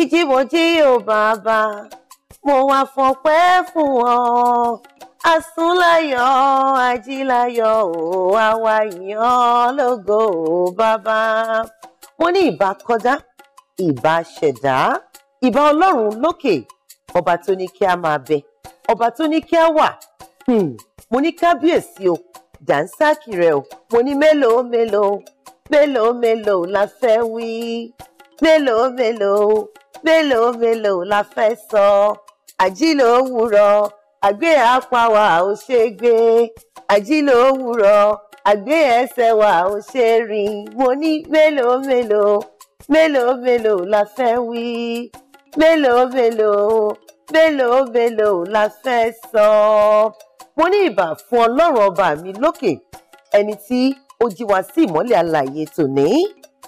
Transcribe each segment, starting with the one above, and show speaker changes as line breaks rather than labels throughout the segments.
ìjímọ̀jí ò bàbá mo wá fọpẹ́ fún ọ asúnláyọ̀ ajíláyọ̀ ò àwa yàn lógo ò bàbá. mo ní ìbà kọjá ìbà ṣẹ̀dá ìbà ọlọ́run lókè ọba tó ní kí a máa bẹ ọba tó ní kí a wà hmm, mo ní kábíyèsí o dànsákì rẹ o mo ní mélòó mélòó mélòó mélòó la fẹ́ wí mélòó mélòó mélòó mélòó la fẹ́ sọ àjílò òwúrọ̀ àgbé apá wa ò ṣe gbé àjílò òwúrọ̀ àgbé ẹsẹ̀ wa ò ṣe rìn mo ní mélòó mélòó mélòó mélòó la fẹ́ wí mélòó mélòó mélòó mélòó la fẹ́ sọ. mo ní ìbà fún ọlọ́run ọba mi lókè ẹni tí ó jí wa sí ìmọ́lẹ̀ alààyè tòní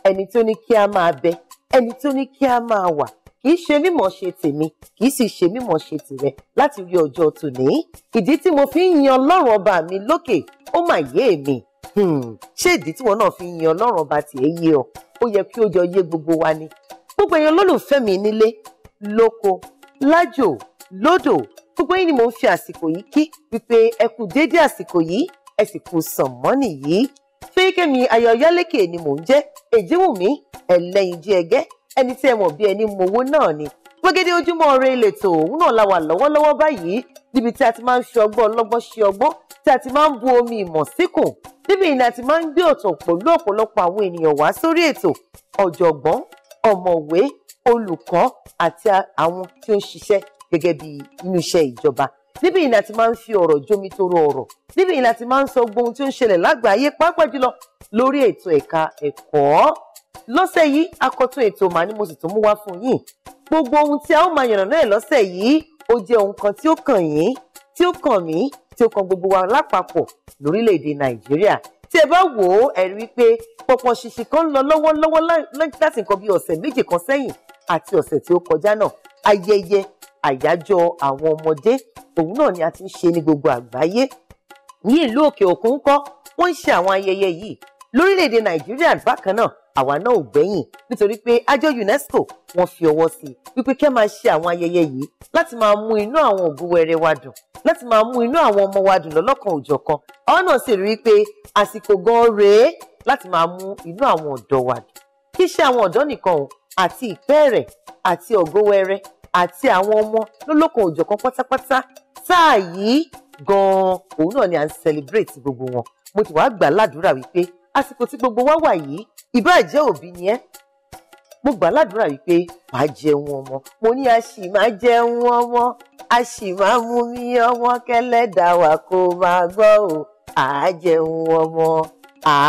ẹni tó ní kí a máa bẹ ẹni tó ní kí a máa wà kì í ṣe mímọ̀ ṣe tèmi kì í sì ṣe mímọ̀ ṣe tìrẹ láti rí ọjọ́ tòní ìdí tí mo fi ń yan ọlọ́run ọba mi lókè ó mà yé mi hmm, ṣé ìdí tí wọn náà fi ń yan ọlọ́run ọba tiẹ̀ yé ọ ó yẹ kí ó jọ yé gbogbo wa ni gbogbo èèyàn lólùfẹ́ mi nílé lóko lájò lódò gbogbo yín ni mò ń fi àsìkò yìí kí wípé ẹ kú déédé àsìkò yìí ẹ sì kú sànmọ́ nìyí Fẹ́yìkẹ́mi Ayọ̀yálékè ni mò ń jẹ́ Èjìwùmí ẹlẹ́yinjú ẹgẹ́ ẹni tí ẹ mọ̀ bí ẹni mowó náà ni gbẹ́gẹ́dẹ́ ojúmọ́ ire ìletò òun náà la wà lọ́wọ́lọ́wọ́ báyìí níbi tí a ti máa ń ṣe ọgbọ́n ọlọ́gbọ́n ṣe ọgbọ́n tí a ti máa ń bu omi ìmọ̀ síkùn níbi ìní a ti máa ń gbé ọ̀tọ̀ pẹ̀lú ọ̀pọ̀lọpọ̀ àwọn ènìyàn wá sórí ètò ọ̀jọ̀gbọ́n ọ̀mọ̀wé olùkọ́ àti àwọn tí ó ń ṣiṣẹ́ gẹ́gẹ́ bí inú iṣẹ́ ìjọba níbí yìí láti máa ń fi ọ̀rọ̀ jómi toro ọ̀rọ̀ níbí yìí láti máa ń sọ gbogbo ohun tí ó ń ṣẹlẹ̀ lágbàáyé pàápàá jùlọ lórí ètò ẹ̀ka ẹ̀kọ́ lọ́sẹ̀ yìí akọ̀tún ètò màá ni mo sì tún mú wá fún yín gbogbo ohun tí a ó máa yànnà náà lọ́sẹ̀ yìí ó jẹ́ ohun kan tí ó kàn yín tí ó kàn mí tí ó kàn gbogbo wa lápapọ̀ lórílẹ̀‐èdè nàìjíríà tí ẹ bá wò ó ẹ rí wípé pọ̀pọ̀ ṣìṣì kan lọ lọ́wọ́lọ́wọ́ láti nǹkan bí ọ̀sẹ̀ méjì kan sẹ́yìn àti ọ̀sẹ̀ tí ó kọjá náà ayẹyẹ àyájọ́ àwọn ọmọdé òun náà ni a ti ń ṣe ní gbogbo àgbáyé ní ìlú òkè òkun ńkọ́ wọ́n ń ṣe àwọn ayẹyẹ yìí lórílẹ̀‐èdè nàìjíríà bákan náà àwa náà ò gbẹ̀yìn nítorí pé àjọ UNESCO wọ́n fi ọwọ́ sí i wípé kẹ́ máa ṣe àwọn ayẹyẹ yìí láti máa mú inú àwọn ògúnwẹrẹ wa dùn láti máa mú inú àwọn ọmọ wa dùn lọ́lọ́kan òjọ̀kan àwọn náà sì rí i pé àsìkò gan-an rèé láti máa mú inú àwọn ọ̀dọ́ wa dùn kí ṣe àwọn ọ̀dọ́ nìkan o àti ìpẹ́ẹ̀rẹ̀ àti ògúnwẹrẹ àti àwọn ọmọ lólókan òjọ̀kan pátápátá sáà yìí gan-an òun náà ni à ń celebrate gbogbo wọn mo ti wá gbà ládùúrà wípé àsìkò tí gbogbo wa wà yìí ìbáà jẹ́ òbí ni ẹ́ mo gbà ládùúrà wípé wàá jẹun ọmọ mo ní a sì máa jẹun ọmọ a sì máa mú mi ọmọ kẹlẹ́dà kó máa gbọ́ o àá jẹun ọmọ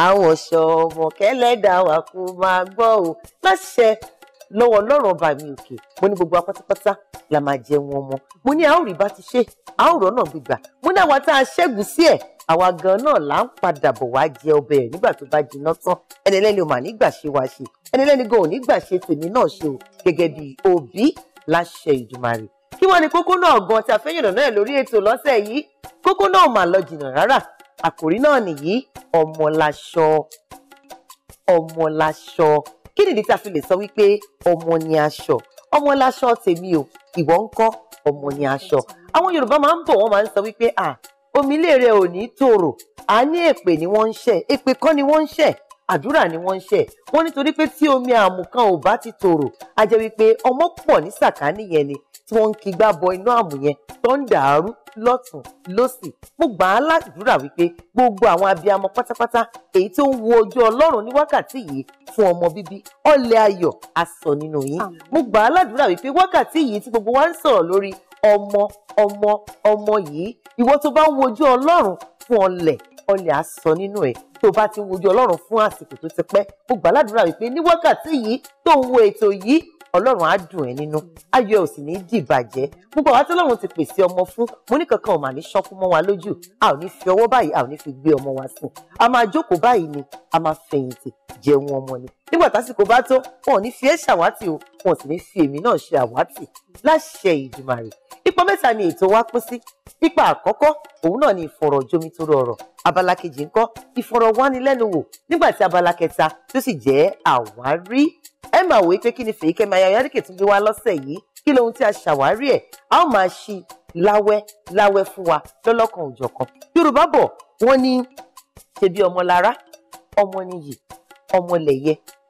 àwọn ọ̀ṣọ́ ọmọ kẹlẹ́dà kó máa gbọ́ o láṣẹ lọ́wọ́ ọlọ́run ọba mi òkè mo ní gbogbo apátápátá la máa jẹ wọn mọ́ mo ní a ó rí bá ti ṣe a ó rọ́nà gbígbà mo ní àwa tá a ṣẹ́gun sí ẹ̀ àwa gan náà là ń padà bọ̀ wá jẹ ọbẹ̀ rẹ̀ nígbà tó bá jiná tán ẹni lẹ́ni ò mà nígbà ṣe wá ṣe ẹni lẹ́ni gan ò nígbà ṣe tèmi náà ṣe o gẹ́gẹ́ bí òbí láṣẹ Ìdùmarè kí wọ́n ní kókó náà gan tí a náà lórí ètò lọ́sẹ̀ yìí kókó náà mà lọ jìnnà rárá àkòrí náà nìyí ọmọláṣọ ọmọláṣọ kí nìdí tí a fi lè sọ wípé ọmọ ni aṣọ ọmọ láṣọ tèmi o ìwọ ń kọ́ ọmọ ni aṣọ àwọn Yorùbá máa ń bọ̀ wọ́n máa ń sọ wípé à omi ilé rẹ ò ní tòrò àní èpè ni wọ́n ń ṣẹ̀ èpè kọ́ ni wọ́n ń ṣẹ̀ àdúrà ni wọ́n ń ṣẹ̀ wọ́n nítorí pé tí omi àmù ò bá ti tòrò a jẹ́ wípé ọmọ pọ̀ ní sàkání yẹn ni tí wọ́n ń kígbá bọ inú àmù yẹn tó ń dàárú lọ́tún lọ́sì mo gbà á ládùúrà wípé gbogbo àwọn abiyamọ pátápátá èyí tó ń wo ojú ọlọ́run ní wákàtí yìí fún ọmọ bíbí ọlẹ̀ ayọ̀ asọ̀ nínú yín mo gbà á ládùúrà wípé wákàtí yìí tí gbogbo wa ń sọ̀rọ̀ lórí ọmọ ọmọ ọmọ yìí ìwọ tó bá ń wojú ọlọ́run fún ọlẹ̀ ọlẹ̀ asọ̀ nínú ẹ̀ tó bá ti wojú ọlọ́run fún àsìkò tó ti pẹ́ mo gbà ládùúrà wípé ní wákàtí yìí tó ń wo ètò yìí ọlọ́run á dùn ẹ́ nínú ayọ̀ ò sì ní dìbàjẹ́ gbogbo àwọn tọ́lọ́run ti pèsè ọmọ fún mo ní kankan ò mà ní ṣọ́kú mọ́ wa lójú a ò ní fi ọwọ́ báyìí a ò ní fi gbé ọmọ wa sùn a máa jókòó báyìí ni a máa fẹ̀yìntì jẹun ọmọ ni nígbà tásìkò bá tó wọn ò ní fi ẹ́ ṣàwátì o wọn sì ní fi èmi náà ṣe àwátì láṣẹ Ìdùmarè ipa mẹ́ta ni ètò wa pín sí ipa àkọ́kọ́ òun náà ni ìfọ̀rọ̀jomitoro ọ̀rọ̀ abala kejì ńkọ́ ìfọ̀rọ̀wánilẹ́nuwò nígbà tí abala kẹta tó sì jẹ́ àwárí ẹ máa wòye pé kí ni Fèyíkẹ́ Oyalérìkè tún gbé wá lọ́sẹ̀ yìí kí lohun tí a ṣàwárí ẹ̀ a ó máa ṣí láwẹ́ láwẹ́ fún wa lọ́lọ́kan òjọ̀kan Yorùbá bọ̀ wọ́n ní ṣebí ọmọ lára ọmọ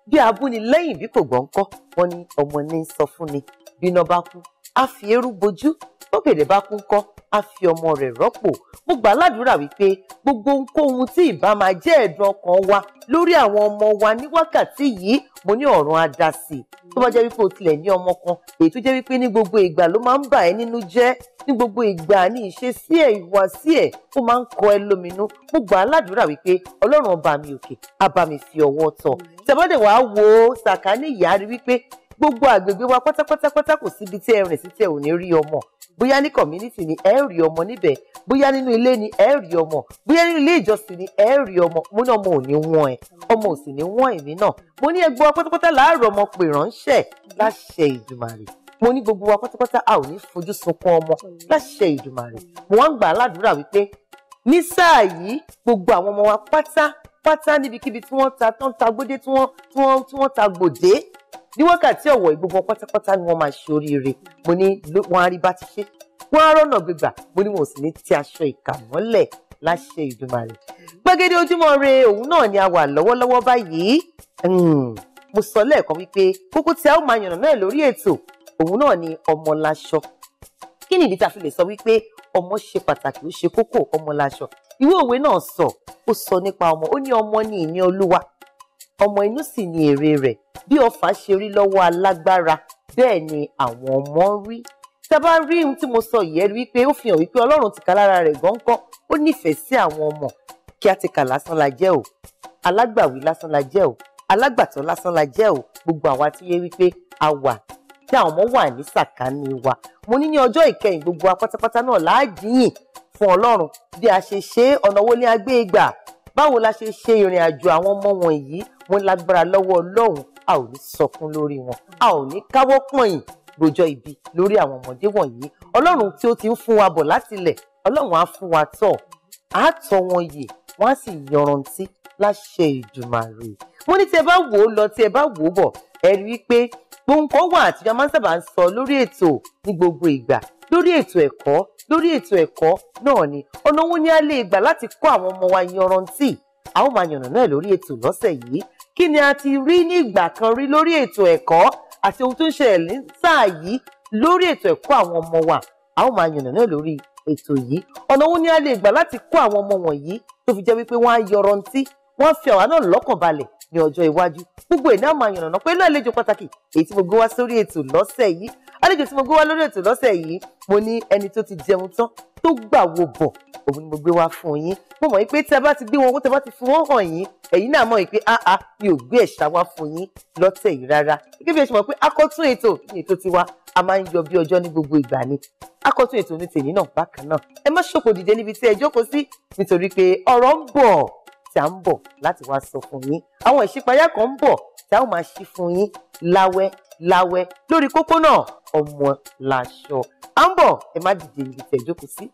bí abúnilẹ́yìn bí kò gbọ́n kọ́ wọn ni ọmọ ní sọ fún ni bí iná bá kú a fi eérú bojú bóbèrè bá kú ńkọ́ a fi ọmọ rẹ̀ rọ́pò mo gbà ládùúrà wípé gbogbo ohunkóhun tí ìbá máa jẹ́ ẹ̀dùn ọkàn wa lórí àwọn ọmọ wa ní wákàtí yìí mo ní ọ̀run á dá sí i tó bá jẹ́ wípé o tilẹ̀ ní ọmọ kan èyí tó jẹ́ wípé ní gbogbo ìgbà ló máa ń bà ẹ́ nínú jẹ́ ní gbogbo ìgbà ní ìṣesí ẹ̀ ìhùwàsí ẹ̀ ó máa ń kọ ẹ lóminú mo gbà ládùúrà wípé ọlọ́run ọba mi òkè á fi ọwọ́ tọ́ tẹ̀bọ́dẹ̀ wàá wo sàkání ìyá rí wípé gbogbo àgbègbè wa pátápátápátá kò síbi tí ẹ rìn sí tí ẹ ò ní rí ọmọ bóyá ní community ni ẹ rí ọmọ níbẹ̀ bóyá nínú ilé ni ẹ rí ọmọ bóyá nínú ilé ìjọsìn ni ẹ rí ọmọ mo ní ọmọ ò ní wọ́n ẹ ọmọ ò sì ní wọ́n èmi náà mo ní ẹgbẹ́ wa pátápátá láàárọ̀ ọmọ pè ránṣẹ́ láṣẹ Ìdùmarè mo ní gbogbo wa pátápátá a ò ní fojú sunkún ọmọ láṣẹ Ìdùmarè mo wá ń gbà á ládùúrà wípé ní sáà yìí gbogbo àwọn ọmọ wa pátá pátá níbikíbi tí wọ́n ta tán ta gbódé tí wọ́n tí wọ́n tí wọ́n ta gbòdé ní wákàtí ọ̀wọ̀ ìgbogbo pátápátá ni wọ́n máa ṣe oríire mo ní wọ́n á rí bá ti ṣe wọ́n á rọ́nà gbígbà mo ní wọn ò sì ní ti aṣọ ìkà mọ́lẹ̀ láṣẹ Ìdùmarè gbàgede ojúmọ́ re òun náà ni a wà lọ́wọ́lọ́wọ́ báyìí hmm, mo sọ lẹ́ẹ̀kan wípé kókó tí a ó máa yànnà náà lórí ètò òun náà ni ọmọláṣọ kí nìdí tá a fi lè sọ wípé ọmọ ṣe pàtàkì ó ṣe kókó ọmọláṣọ ìwé òwe náà sọ ó sọ nípa ọmọ ó ní ọmọ ni ìní olúwa ọmọ inú sì ni èrè rẹ̀ bí ọfà ṣe rí lọ́wọ́ alágbára bẹ́ẹ̀ ni àwọn ọmọ ń rí tá a bá rí ohun tí mo sọ yìí rí wípé ó fi hàn wípé ọlọ́run tìka lára rẹ̀ gọ́ngọ́ ó nífẹ̀ẹ́ sí àwọn ọmọ kí a ti kà lásán la jẹ́ o alágbàwí lásán la jẹ́ o alágbàtọ́ lásán la jẹ́ o gbogbo àwa tí yẹ wípé a wà tí àwọn ọmọ wà ní sàkání wa mo ní ní ọjọ́ ìkẹyìn gbogbo apátápátá náà láàdíyìn fún ọlọ́run bí a ṣe ṣe ọ̀nà wo ni a gbé e gbà báwo la ṣe ṣe ìrìn àjò àwọn ọmọ wọ̀nyí mo lágbára lọ́wọ́ ọlọ́run a ò ní sọkún lórí wọn a ò ní káwọ́ pọ̀nyìn rojọ́ ibi lórí àwọn ọmọdé wọ̀nyí ọlọ́run tí ó ti ń fún wa bọ̀ látilẹ̀ ọlọ́run á fún wa tọ̀ á tọ́ wọn yè wọ́n á sì yọrantí láṣẹ Èdùmàrè mo ní tí ẹ bá wò ó lọ tí ẹ bá wò ó bọ̀ ẹ rí i pé gbóǹkan wà àtijọ́ máa ń sábà ń sọ lórí ètò ní gbogbo ìgbà lórí ètò ẹ̀kọ́ lórí ètò ẹ̀kọ́ náà ni ọ̀nà wo ni a lè gbà láti kọ́ àwọn ọmọ wa yanrantí a ó máa yànnà náà lórí ètò lọ́sẹ̀ yìí kí ni a ti rí ní ìgbà kan rí lórí ètò ẹ̀kọ́ àti ohun tó ń ṣẹlẹ̀ ní sáà yìí lórí ètò ẹ̀kọ́ àwọn ọmọ wa a ó máa yànnà náà lórí ètò yìí ọ̀nà wo ni a lè gbà láti kó àwọn ọmọ wọ̀nyí tó fi jẹ́ wípé wọ́n á yọrantí wọ́n fi àwa náà lọ́kàn balẹ̀ ní ọjọ́ iwájú gbogbo ẹ̀ náà máa yànnàná pẹ̀lú àlejò pàtàkì èyí tí mo gbé wá sórí ètò lọ́sẹ̀ yìí àlejò tí mo gbé wá lórí ètò lọ́sẹ̀ yìí mo ní ẹni tó ti jẹun tán tó gbàwo bọ̀ òun ni mo gbé wá fún yín mo mọ̀ pé tí a bá ti gbé wọn kó tí a bá ti fi wọ́n hàn yín ẹ̀yin náà mọ̀ pé áá mi ò gbé ẹ̀ṣà wá fún yín lọ́tẹ̀ yìí rárá gẹ́gẹ́ bí ẹ ṣe mọ̀ pé akọ́tún ètò ní ètò tiwa a máa ń yọ bí ọjọ́ ní gbogbo ìgbà ni akọ́tún ètò ní tèmi náà bákan náà ẹ má ṣòkò dìde níbi tí ẹ jókòó sí nítorí pé ọ̀rọ̀ ń bọ̀ tí a ń bọ̀ láti wá sọ fún yín àwọn ìṣípayá kan ń bọ̀ tí a ó máa ṣí fún yín láwẹ́ láwẹ́ lórí kókó náà ọmọ làṣọ à ń bọ̀ ẹ má dìde ibi tẹ̀ sí